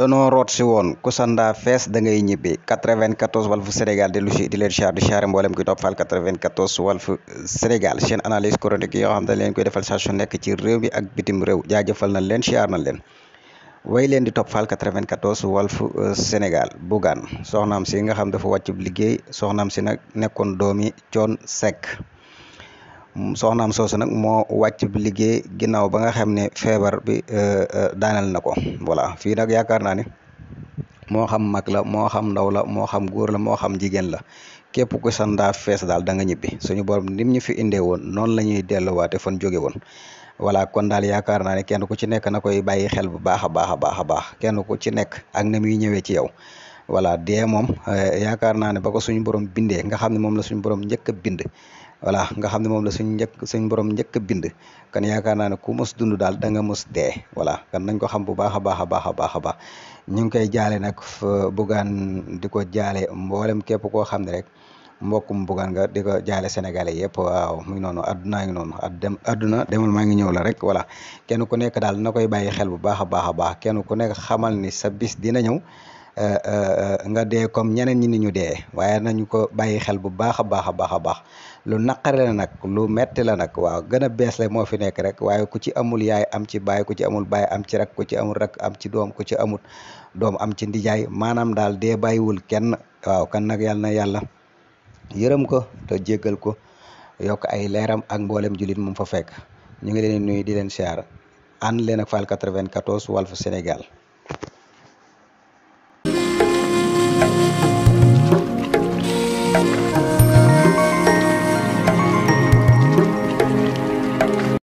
danoo root si woon ku sandaa fees da ngay ñibbi 94 Walfu Sénégal dellu si di leen char di char mboolem kuy topp Fall 94 Walfu Sénégal seen analyse chronique yoo xam ne leen koy defal saa su nekk ci réew mi ak bitim réew jaajafal na leen char na leen way leen di topp Fall 94 Walfu Sénégal Bougane soxnaam si nga xam dafa wàcc liggéey soxnaam si nag nekkoon doomi Thione Seck soxnaam soosu nag moo wàcc bi liggéey ginnaaw ba nga xam ne feebar bi euh, euh, daaneel na ko voilà fii nag yaakaar naa ne moo xam mag la moo xam ndaw la moo xam góor la moo xam jigéen la képp ku sandaa fees daal da nga ñibbi suñu borom nim ñu fi indee woon noonu la ñuy delluwaate fan jóge woon wala kon daal yaakaar naa ne kenn ku ci nekk na koy bàyyi xel bu baax a baax a baax a baax kenn ku ci nekk ak na muy ñëwee ci yow wala dee moom euh, yaakaar naa ne ba ko suñu borom bindee nga xam ne moom la suñu borom njëkk a bind voilà nga xam ne moom la suñ njëkk suñ borom njëkk a bind kan yaakaar naa ne ku mos dund daal danga nga mos dee voilà kan nañ ko xam bu baax a baax a baax a baax a baax ñu ngi koy jaale nag bugaan di ko jaale mboolem képp koo xam ne rek mbokkum bugaan nga di ko jaale sénégalais yëpp waaw mu ngi noonu adduna ngi noonu ad dem adduna demal maa ngi ñëw la rek voilà kenn ku nekk daal na koy bàyyi xel bu baax a baax a baax kenn ku nekk xamal ni sa bis dina ñëw Euh, euh, euh, nga dee comme ñeneen ñi ni ñu dee waaye nañu ko bàyyi xel bu baax a baax a baax a baax lu naqare la nag lu metti la nag waaw gën a bees la moo fi nekk rek waaye ku ci amul yaay am ci baay ku ci amul baay am ci rek ku ci amul rak am ci doom ku ci amul doom am ci ndijaay maanaam daal dee bàyyiwul kenn waaw kan nag yàlla na yàlla yërëm ko te jéggal ko yokk ay leeram ak mboolem jullit mu fa fekk ñu ngi leen di nuyu di leen siyaar ànd leen ak Fall 94 Walf Sénégal